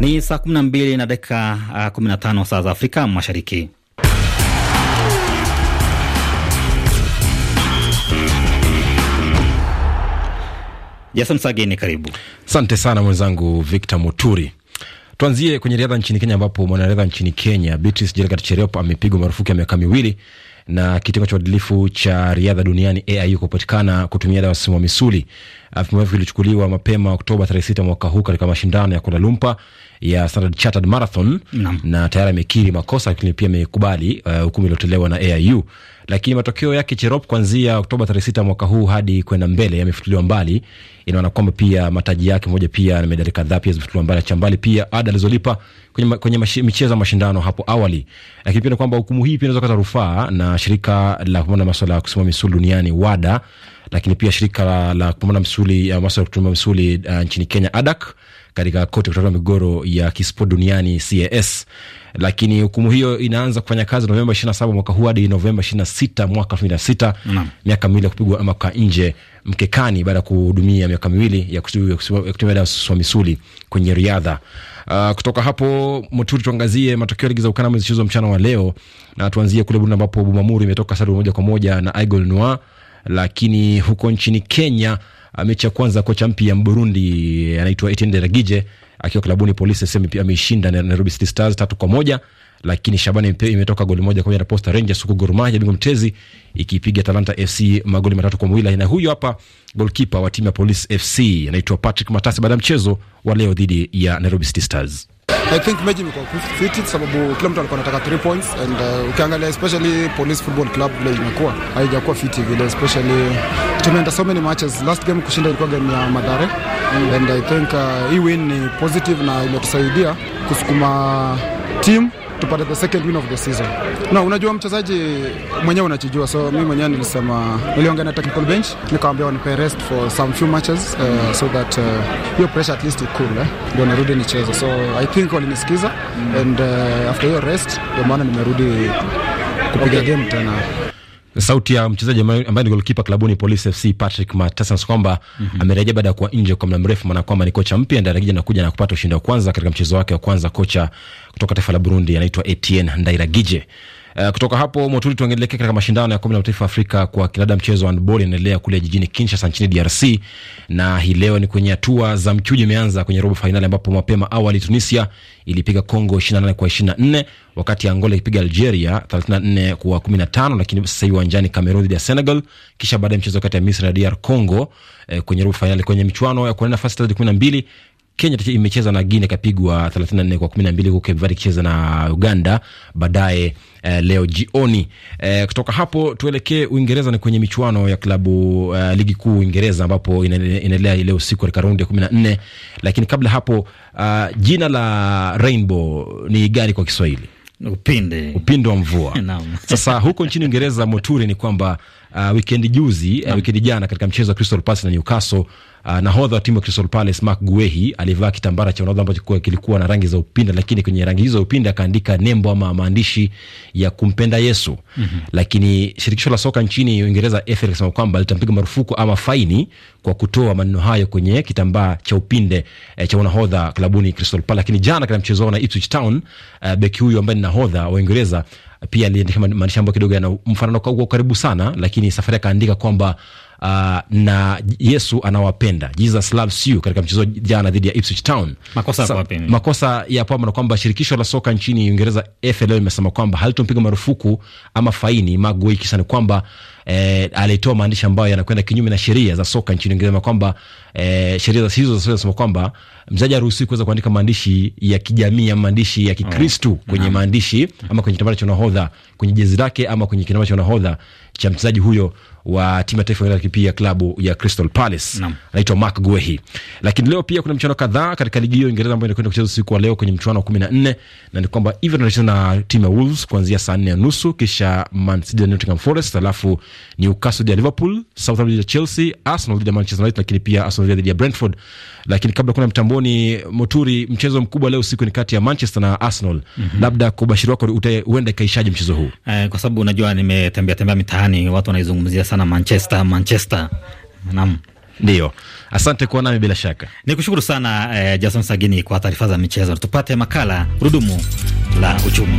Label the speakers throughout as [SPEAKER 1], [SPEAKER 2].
[SPEAKER 1] Ni saa 12 na dakika 15 ah, saa za Afrika Mashariki. Jason Sageni, karibu.
[SPEAKER 2] Asante sana mwenzangu Victor Muturi. Tuanzie kwenye riadha nchini Kenya, ambapo mwanariadha nchini Kenya Beatrice Jelagat Cherop amepigwa marufuku ya miaka miwili na kitengo cha uadilifu cha riadha duniani AIU kupatikana kutumia dawa simu misuli vipimo hivyo vilichukuliwa mapema Oktoba 36 mwaka huu katika mashindano ya Kuala Lumpur ya Standard Chartered Marathon na, na tayari amekiri makosa lakini pia amekubali uh, hukumu uh, iliyotolewa na AIU lakini matokeo yake Cherop kuanzia Oktoba 36 mwaka huu hadi kwenda mbele yamefutuliwa mbali. Inaona kwamba pia mataji yake moja pia na medali kadhaa pia zimefutiliwa mbali, cha mbali pia ada alizolipa kwenye, ma, kwenye mashi, michezo ya mashindano hapo awali. Lakini pia ni kwamba hukumu hii pia inaweza kata rufaa na shirika la kupambana na maswala ya kusimamia misuli duniani WADA lakini pia shirika la, la kupambana msuli uh, eh, maswala ya kutumia msuli uh, eh, nchini Kenya ADAK katika koti ya kutatua migogoro ya kispo duniani CAS. Lakini hukumu hiyo inaanza kufanya kazi Novemba 27 mwaka huu hadi Novemba 26 mwaka 2026, miaka miwili ya kupigwa ama kwa nje mkekani baada ya kuhudumia miaka miwili ya kutumia dawa za misuli kwenye riadha. Uh, kutoka hapo Moturi, tuangazie matokeo ligi za ukanda zilizochezwa mchana wa leo, na tuanzie kule Burundi ambapo Bumamuru imetoka sare moja kwa moja na Aigle Noir lakini huko nchini Kenya, mechi ya kwanza kocha mpya Mburundi eh, anaitwa Etienne akiwa klabuni Polisi SM ameishinda Nairobi City Stars tatu kwa moja lakini Shabani imetoka goli moja kwa moja na Posta Rangers, huku Gor Mahia bingwa mtetezi ikipiga Talanta FC magoli matatu kwa mawili. Na huyu hapa golkipa wa timu ya Police FC anaitwa Patrick Matasi baada ya mchezo wa leo dhidi ya Nairobi City Stars.
[SPEAKER 3] I think meji imekuwa fiti sababu kila mtu alikuwa anataka 3 points and uh, ukiangalia especially Police Football Club vile imekuwa haijakuwa fiti vile especially tumeenda so many matches. Last game kushinda ilikuwa game ya Madare and I think uh, hii win ni positive na imetusaidia kusukuma team tupate the second win of the season. Na unajua mchezaji mwenyewe unachijua, so mimi mwenyewe nilisema, niliongea na technical bench nikamwambia wanipe rest for some few matches uh, so that eh, hiyo uh, pressure at least cool eh, ndio narudi nicheze. So I think walinisikiza and uh, after hiyo rest ndio maana nimerudi
[SPEAKER 2] kupiga okay game tena. Sauti ya mchezaji ambaye ni golkipa klabuni Police FC Patrick Matasa kwamba mm -hmm. amerejea baada ya kuwa nje kwa muda mrefu, maana kwamba ni kocha mpya Ndairagije anakuja na kupata ushindi wa kwanza katika mchezo wake wa kwanza. Kocha kutoka taifa la Burundi anaitwa Etienne Ndairagije Uh, kutoka hapo Motuli tuangelekea katika mashindano ya kombe la mataifa Afrika kwa kinada. Mchezo wa handball inaendelea kule jijini Kinshasa nchini DRC, na hii leo ni kwenye hatua za mchujo, imeanza kwenye robo fainali ambapo mapema awali Tunisia ilipiga Kongo 28 kwa 24, wakati Angola ikipiga Algeria 34 kwa 15, lakini sasa hivi uwanjani Cameroon dhidi ya Senegal, kisha baadaye mchezo kati ya Misri na DR Congo eh, kwenye robo fainali kwenye michuano ya kuwania nafasi ya 12 Kenya imecheza na Guinea ikapigwa 34 kwa 12, huku Cape Verde ikicheza na Uganda baadaye eh, leo jioni. Eh, kutoka hapo tuelekee Uingereza, ni kwenye michuano ya klabu eh, ligi kuu Uingereza ambapo inaendelea leo usiku katika raundi ya 14, lakini kabla hapo uh, jina la Rainbow ni gari kwa Kiswahili? Upinde, upinde wa mvua. Sasa huko nchini Uingereza, moturi ni kwamba uh, wikendi juzi uh, wikendi jana katika mchezo wa Crystal Palace na Newcastle uh, nahodha wa timu ya Crystal Palace Mark Guehi alivaa kitambara cha unahodha ambacho kilikuwa na rangi za upinde, lakini kwenye rangi hizo za upinde akaandika nembo ama maandishi ya kumpenda Yesu. mm -hmm. Lakini shirikisho la soka nchini Uingereza FA likasema kwamba litampiga marufuku ama faini kwa kutoa maneno hayo kwenye kitambaa cha upinde eh, cha unahodha klabuni Crystal Palace. Lakini jana katika mchezo wao na Ipswich Town uh, beki huyu ambaye ni nahodha wa Uingereza pia aliandika maandishi ambayo kidogo yana mfanano kwa karibu sana, lakini safari akaandika kwamba uh, na Yesu anawapenda, Jesus loves you, katika mchezo jana dhidi ya Ipswich Town. Makosa Sa, Makosa ya hapa na kwamba shirikisho la soka nchini Uingereza FA imesema kwamba halitompiga marufuku ama faini Maguei, kisa ni kwamba eh, alitoa maandishi ambayo yanakwenda kinyume na sheria za soka nchini Uingereza kwamba e, sheria za hizo zinasema kwamba mzaji haruhusiwi kuweza kuandika maandishi ya kijamii ama maandishi ya Kikristu mm. kwenye mm. maandishi ama kwenye kitambara cha unahodha kwenye jezi lake ama kwenye kitambara cha unahodha cha mchezaji huyo wa timu ya taifa ya pia klabu ya Crystal Palace anaitwa Mark Guehi. Lakini leo pia kuna michuano kadhaa katika ligi hiyo Uingereza ambayo inakwenda kucheza usiku wa leo kwenye mchuano wa kumi na nne na ni kwamba Everton anacheza na timu ya Wolves kuanzia saa nne ya nusu, kisha Man City na Nottingham Forest, alafu Newcastle dhidi ya Liverpool, Southampton dhidi ya Chelsea, Arsenal dhidi ya Manchester United, lakini pia Arsenal Australia dhidi ya Brentford. Lakini kabla kuna mtamboni, Moturi, mchezo mkubwa leo usiku ni kati ya Manchester na Arsenal. mm -hmm. Labda kwa ubashiri wako huenda ikaishaje mchezo huu? Eh,
[SPEAKER 3] kwa sababu unajua nimetembea tembea mitaani, watu wanaizungumzia sana Manchester, Manchester. Naam. Ndio, asante kuwa nami. Bila shaka ni kushukuru sana eh, Jason Sagini kwa taarifa za michezo. Tupate makala gurudumu la uchumi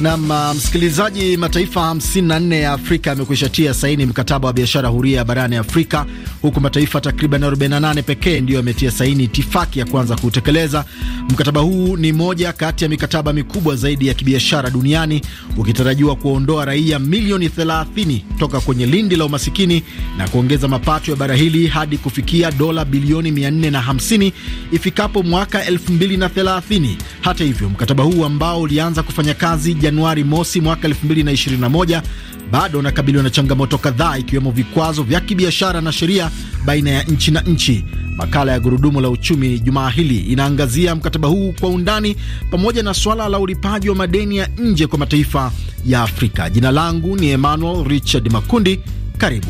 [SPEAKER 3] Nam uh, msikilizaji, mataifa 54 ya Afrika yamekwisha tia saini mkataba wa biashara huria barani Afrika, huku mataifa takriban 48 pekee ndiyo yametia saini itifaki ya kuanza kuutekeleza. Mkataba huu ni moja kati ya mikataba mikubwa zaidi ya kibiashara duniani, ukitarajiwa kuwaondoa raia milioni 30 toka kwenye lindi la umasikini na kuongeza mapato ya bara hili hadi kufikia dola bilioni 450 ifikapo mwaka 2030. Hata hivyo, mkataba huu ambao ulianza kufanya kazi Januari mosi mwaka 2021 bado unakabiliwa na changamoto kadhaa ikiwemo vikwazo vya kibiashara na sheria baina ya nchi na nchi. Makala ya Gurudumu la Uchumi jumaa hili inaangazia mkataba huu kwa undani pamoja na swala la ulipaji wa madeni ya nje kwa mataifa ya Afrika. Jina langu ni Emmanuel Richard Makundi. Karibu.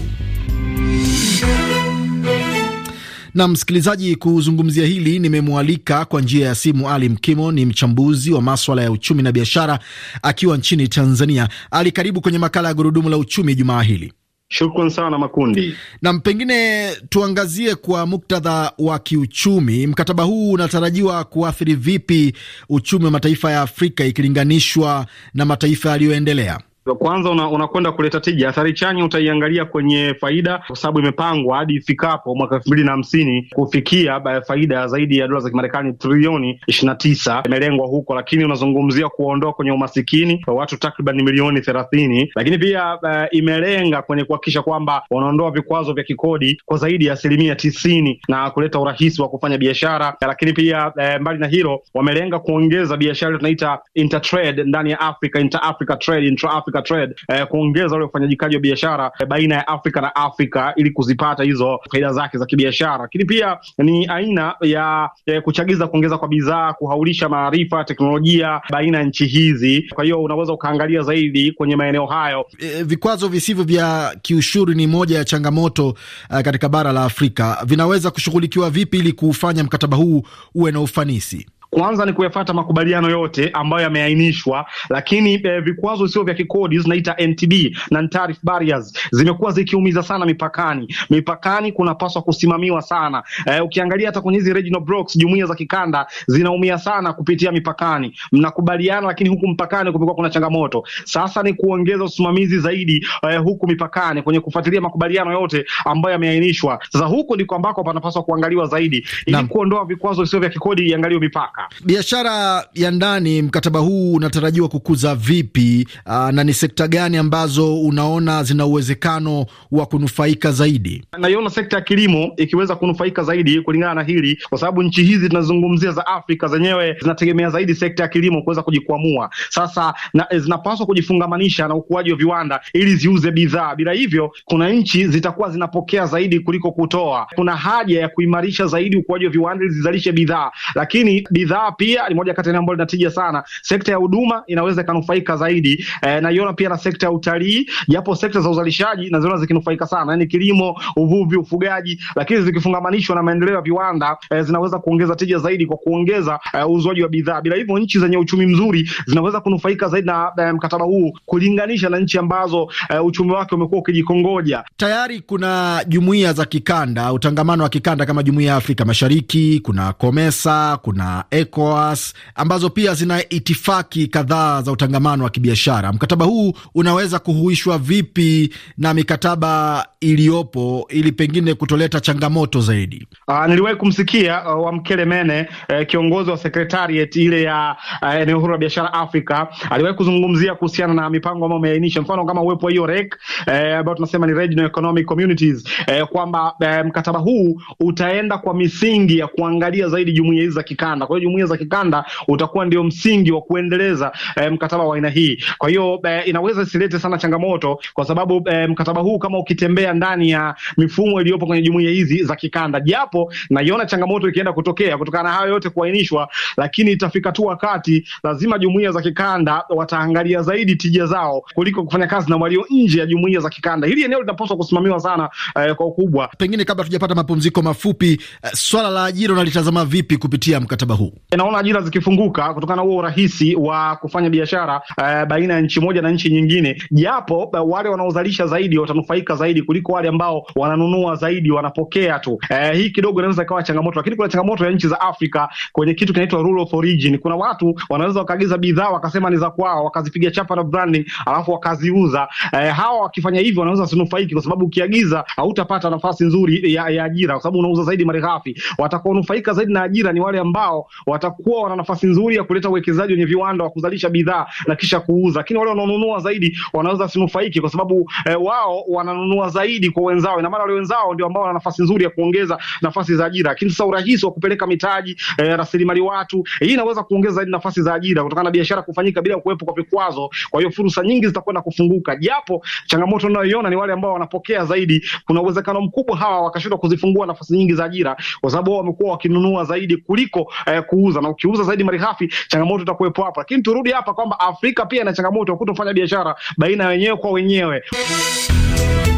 [SPEAKER 3] Na msikilizaji, kuzungumzia hili nimemwalika kwa njia ya simu Ali Mkimo, ni mchambuzi wa maswala ya uchumi na biashara akiwa nchini Tanzania. Ali, karibu kwenye makala ya Gurudumu la Uchumi jumaa hili.
[SPEAKER 1] Shukran sana Makundi.
[SPEAKER 3] Nam, pengine tuangazie kwa muktadha wa kiuchumi, mkataba huu unatarajiwa kuathiri vipi uchumi wa mataifa ya Afrika ikilinganishwa na mataifa yaliyoendelea?
[SPEAKER 1] Kwanza unakwenda una kuleta tija. Athari chanya utaiangalia kwenye faida, kwa sababu imepangwa hadi ifikapo mwaka elfu mbili na hamsini kufikia faida zaidi ya dola za Kimarekani trilioni ishirini na tisa imelengwa huko, lakini unazungumzia kuondoa kwenye umasikini kwa watu takriban milioni thelathini, lakini pia uh, imelenga kwenye kuhakikisha kwamba wanaondoa vikwazo vya kikodi kwa zaidi ya asilimia tisini na kuleta urahisi wa kufanya biashara, lakini pia uh, mbali na hilo wamelenga kuongeza biashara tunaita intertrade ndani ya Afrika, inter Africa trade, intra Africa Africa Trade eh, kuongeza ule ufanyajikaji wa biashara eh, baina ya Afrika na Afrika ili kuzipata hizo faida zake za kibiashara, lakini pia ni aina ya eh, kuchagiza kuongeza kwa bidhaa, kuhaulisha maarifa, teknolojia baina ya nchi hizi. Kwa hiyo unaweza ukaangalia zaidi kwenye
[SPEAKER 3] maeneo hayo. E, vikwazo visivyo vya kiushuri ni moja ya changamoto eh, katika bara la Afrika. Vinaweza kushughulikiwa vipi ili kuufanya mkataba huu uwe na ufanisi?
[SPEAKER 1] kwanza ni kuyafata makubaliano yote ambayo yameainishwa, lakini e, vikwazo sio vya kikodi zinaita NTB, na tariff barriers, zimekuwa zikiumiza sana mipakani. Mipakani kunapaswa kusimamiwa sana. E, ukiangalia hata kwenye hizi regional blocks, jumuiya za kikanda zinaumia sana kupitia mipakani. Mnakubaliana, lakini huku mpakani kumekuwa kuna changamoto. Sasa ni kuongeza usimamizi zaidi e, huku mipakani kwenye kufuatilia makubaliano yote ambayo yameainishwa. Sasa huku ndiko ambako panapaswa kuangaliwa zaidi ili kuondoa vikwazo sio vya kikodi, iangaliwe mipaka.
[SPEAKER 3] Biashara ya ndani, mkataba huu unatarajiwa kukuza vipi aa, ah, na ni sekta gani ambazo unaona zina uwezekano wa kunufaika zaidi?
[SPEAKER 1] Naiona sekta ya kilimo ikiweza kunufaika zaidi kulingana na hili, kwa sababu nchi hizi tunazungumzia za Afrika zenyewe zinategemea zaidi sekta ya kilimo kuweza kujikwamua. Sasa na, eh, zinapaswa kujifungamanisha na ukuaji wa viwanda ili ziuze bidhaa. Bila hivyo, kuna nchi zitakuwa zinapokea zaidi kuliko kutoa. Kuna haja ya kuimarisha zaidi ukuaji wa viwanda ili zizalishe bidhaa, lakini bidhaa bidhaa pia ni moja kati ya ambayo linatija sana. Sekta ya huduma inaweza ikanufaika zaidi e, naiona pia na sekta ya utalii, japo sekta za uzalishaji naziona zikinufaika sana, yani kilimo, uvuvi, ufugaji, lakini zikifungamanishwa na maendeleo ya viwanda e, zinaweza kuongeza tija zaidi kwa kuongeza eh, uuzwaji e, wa bidhaa. Bila hivyo, nchi zenye uchumi mzuri zinaweza kunufaika zaidi na e, mkataba huu kulinganisha na nchi ambazo e, uchumi wake umekuwa ukijikongoja.
[SPEAKER 3] Tayari kuna jumuiya za kikanda, utangamano wa kikanda kama jumuiya ya Afrika Mashariki, kuna Komesa, kuna ECOWAS ambazo pia zina itifaki kadhaa za utangamano wa kibiashara. Mkataba huu unaweza kuhuishwa vipi na mikataba iliyopo ili pengine kutoleta changamoto zaidi?
[SPEAKER 1] Uh, niliwahi kumsikia uh, Wamkele Mene uh, eh, kiongozi wa sekretariat ile ya uh, eneo huru la biashara Afrika aliwahi kuzungumzia kuhusiana na mipango ambayo ameainisha, mfano kama uwepo wa hiyo REC eh, ambayo tunasema ni Regional Economic Communities uh, kwamba uh, mkataba huu utaenda kwa misingi ya kuangalia zaidi jumuiya hizi za kikanda kwa hiyo jumuiya za kikanda utakuwa ndio msingi wa kuendeleza eh, mkataba wa aina hii. Kwa hiyo eh, inaweza isilete sana changamoto kwa sababu eh, mkataba huu kama ukitembea ndani ya mifumo iliyopo kwenye jumuiya hizi za kikanda, japo naiona changamoto ikienda kutokea kutokana na hayo yote kuainishwa, lakini itafika tu wakati lazima jumuiya za kikanda wataangalia zaidi tija zao kuliko
[SPEAKER 3] kufanya kazi na walio nje ya jumuiya za kikanda. Hili eneo linapaswa kusimamiwa sana eh, kwa ukubwa. Pengine kabla tujapata mapumziko mafupi, eh, swala la ajira unalitazama vipi kupitia mkataba huu? Naona ajira
[SPEAKER 1] zikifunguka kutokana na huo urahisi wa kufanya biashara uh, baina ya nchi moja na nchi nyingine, japo uh, wale wanaozalisha zaidi watanufaika zaidi kuliko wale ambao wananunua zaidi, wanapokea tu. Uh, hii kidogo inaweza ikawa changamoto, lakini kuna changamoto ya nchi za Afrika kwenye kitu kinaitwa rule of origin. Kuna watu wanaweza wakaagiza bidhaa wakasema ni za kwao, wakazipiga chapa na branding, alafu wakaziuza. Uh, hawa wakifanya hivyo wanaweza wasinufaiki, kwa sababu ukiagiza hautapata nafasi nzuri ya, ya ajira, kwa sababu unauza zaidi malighafi. Watakaonufaika zaidi na ajira ni wale ambao watakuwa wana nafasi nzuri ya kuleta uwekezaji wenye viwanda wa kuzalisha bidhaa na kisha kuuza, lakini wale wanaonunua zaidi wanaweza sinufaiki kwa sababu eh, wao wananunua zaidi kwa wenzao. Ina maana wale wenzao ndio ambao wana nafasi nzuri ya kuongeza nafasi za ajira, lakini sasa urahisi wa kupeleka mitaji eh, rasilimali watu hii eh, inaweza kuongeza zaidi nafasi za ajira kutokana na biashara kufanyika bila kuwepo kwa vikwazo. Kwa hiyo fursa nyingi zitakwenda kufunguka, japo changamoto ninayoiona ni wale ambao wanapokea zaidi. Kuna uwezekano mkubwa hawa wakashindwa kuzifungua nafasi nyingi za ajira kwa sababu wao wamekuwa wakinunua zaidi kuliko eh, ku kuuza na ukiuza zaidi malighafi, changamoto itakuwepo hapa. Lakini turudi hapa kwamba Afrika pia ina changamoto ya kutofanya biashara baina ya wenyewe kwa wenyewe.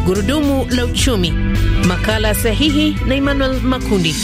[SPEAKER 1] Gurudumu la uchumi, makala
[SPEAKER 2] sahihi na Emmanuel Makundi.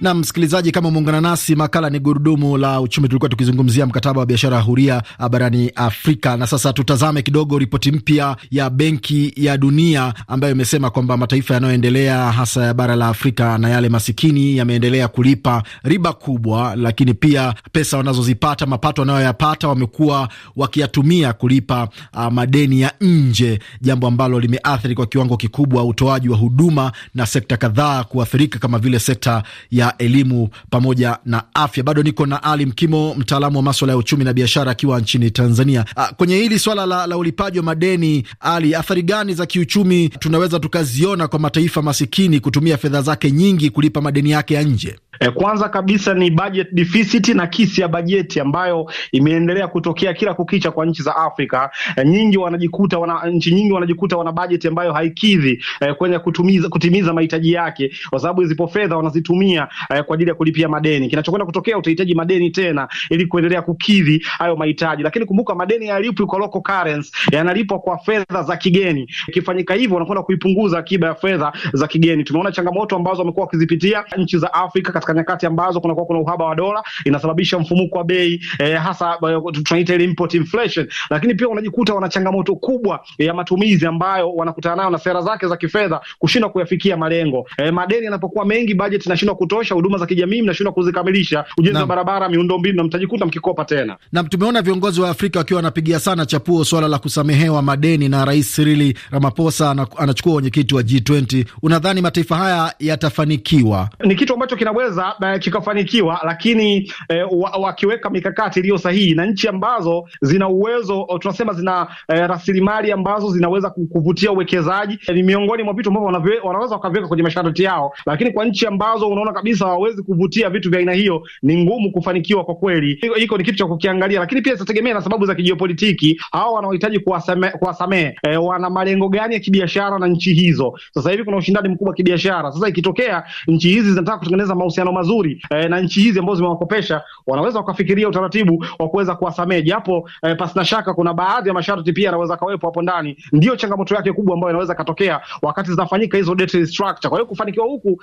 [SPEAKER 3] Na msikilizaji, kama umeungana nasi, makala ni gurudumu la uchumi. Tulikuwa tukizungumzia mkataba wa biashara huria uh, barani Afrika, na sasa tutazame kidogo ripoti mpya ya Benki ya Dunia ambayo imesema kwamba mataifa yanayoendelea hasa ya bara la Afrika na yale masikini yameendelea kulipa riba kubwa, lakini pia pesa wanazozipata, mapato wanayoyapata, wamekuwa wakiyatumia kulipa uh, madeni ya nje, jambo ambalo limeathiri kwa kiwango kikubwa utoaji wa huduma na sekta kadhaa kuathirika kama vile sekta ya elimu pamoja na afya. Bado niko na Ali Mkimo, mtaalamu wa maswala ya uchumi na biashara, akiwa nchini Tanzania. A, ah, kwenye hili swala la, la ulipaji wa madeni, Ali, athari gani za kiuchumi tunaweza tukaziona kwa mataifa masikini kutumia fedha zake nyingi kulipa madeni yake ya nje? E, kwanza kabisa ni
[SPEAKER 1] budget deficit na kisi ya bajeti ambayo imeendelea kutokea kila kukicha kwa nchi za Afrika. E, nyingi wanajikuta wana, nchi nyingi wanajikuta wana bajeti ambayo haikidhi e, kwenye kutumiza, kutimiza mahitaji yake, kwa sababu zipo fedha wanazitumia eh, kwa ajili ya kulipia madeni. Kinachokwenda kutokea, utahitaji madeni tena ili kuendelea kukidhi hayo mahitaji, lakini kumbuka, madeni yalipwi kwa local currency, yanalipwa kwa fedha za kigeni. Ikifanyika hivyo, unakwenda kuipunguza akiba ya fedha za kigeni. Tumeona changamoto ambazo wamekuwa wakizipitia nchi za Afrika katika nyakati ambazo kunakuwa kuna uhaba wa dola, inasababisha mfumuko wa bei eh, hasa eh, tunaita ile import inflation, lakini pia unajikuta wana changamoto kubwa ya matumizi ambayo wanakutana nayo na sera zake za kifedha kushindwa kuyafikia malengo. Eh, madeni yanapokuwa mengi, bajeti inashindwa kutosha kuboresha huduma za kijamii, mnashindwa kuzikamilisha, ujenzi wa barabara, miundombinu, na mtajikuta mkikopa tena.
[SPEAKER 3] Na tumeona viongozi wa Afrika wakiwa wanapigia sana chapuo swala la kusamehewa madeni, na Rais Cyril Ramaphosa anachukua wenyekiti wa G20. Unadhani mataifa haya yatafanikiwa?
[SPEAKER 1] Ni kitu ambacho kinaweza eh, kikafanikiwa, lakini eh, wakiweka mikakati iliyo sahihi na nchi ambazo zina uwezo tunasema zina eh, rasilimali ambazo zinaweza kuvutia uwekezaji eh, ni miongoni mwa vitu ambavyo wanaweza wakaviweka kwenye masharti yao, lakini kwa nchi ambazo unaona kabisa kabisa hawawezi kuvutia vitu vya aina hiyo, ni ngumu kufanikiwa kwa kweli. Hiko ni kitu cha kukiangalia, lakini pia zitategemea na sababu za kijiopolitiki. Hawa wanaohitaji kuwasamehe kuwasame, e, wana malengo gani ya kibiashara na nchi hizo? Sasa hivi kuna ushindani mkubwa wa kibiashara. Sasa ikitokea nchi hizi zinataka kutengeneza mahusiano mazuri e, na nchi hizi ambazo zimewakopesha, wanaweza wakafikiria utaratibu wa kuweza kuwasamehe, japo e, eh, pasina shaka kuna baadhi ya masharti pia yanaweza kawepo hapo ndani. Ndio changamoto yake kubwa ambayo inaweza katokea wakati zinafanyika hizo debt restructure. Kwa hiyo kufanikiwa huku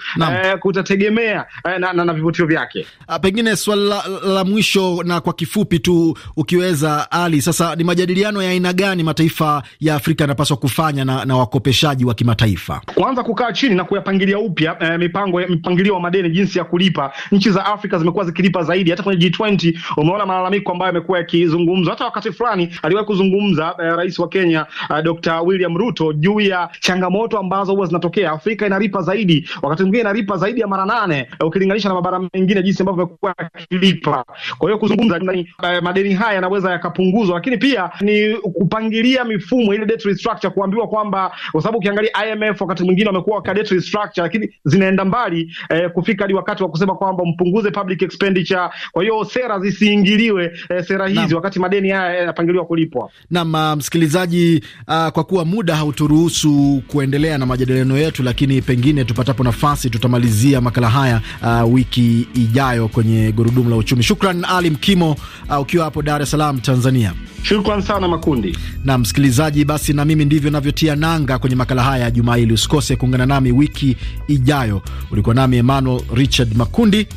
[SPEAKER 1] e, kutategemea Eh, na, na, na vivutio vyake.
[SPEAKER 3] Ah, pengine swali la, la mwisho na kwa kifupi tu ukiweza, Ali, sasa ni majadiliano ya aina gani mataifa ya Afrika yanapaswa kufanya na, na wakopeshaji wa kimataifa?
[SPEAKER 1] Kwanza kukaa chini na kuyapangilia upya eh, mipango mpangilio wa madeni, jinsi ya kulipa. Nchi za Afrika zimekuwa zikilipa zaidi, hata kwenye G20 umeona malalamiko ambayo yamekuwa yakizungumzwa. Hata wakati fulani aliwahi kuzungumza eh, rais wa Kenya eh, Dr. William Ruto juu ya changamoto ambazo huwa zinatokea. Afrika inalipa zaidi, wakati mwingine inalipa zaidi ya mara nane Eh, ukilinganisha na mabara mengine jinsi ambavyo yamekuwa yakilipa Kwa hiyo kuzungumza ni madeni haya yanaweza yakapunguzwa, lakini pia ni kupangilia mifumo ile debt restructure, kuambiwa kwamba kwa sababu ukiangalia IMF wakati mwingine wamekuwa kwa debt restructure, lakini zinaenda mbali eh, kufika hadi wakati wa kusema kwamba mpunguze public expenditure. Kwa hiyo sera zisiingiliwe eh, sera hizi na, wakati madeni haya eh, yanapangiliwa kulipwa.
[SPEAKER 3] Naam ah, msikilizaji, uh, kwa kuwa muda hauturuhusu kuendelea na majadiliano yetu, lakini pengine tupatapo nafasi tutamalizia makala haya uh, wiki ijayo kwenye gurudumu la uchumi. Shukran Ali Mkimo, uh, ukiwa hapo Dar es Salaam, Tanzania. Shukran sana Makundi. Na msikilizaji, basi na mimi ndivyo navyotia nanga kwenye makala haya ya jumaa hili. Usikose kuungana nami wiki ijayo. Ulikuwa nami Emmanuel Richard Makundi,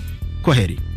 [SPEAKER 3] kwa heri.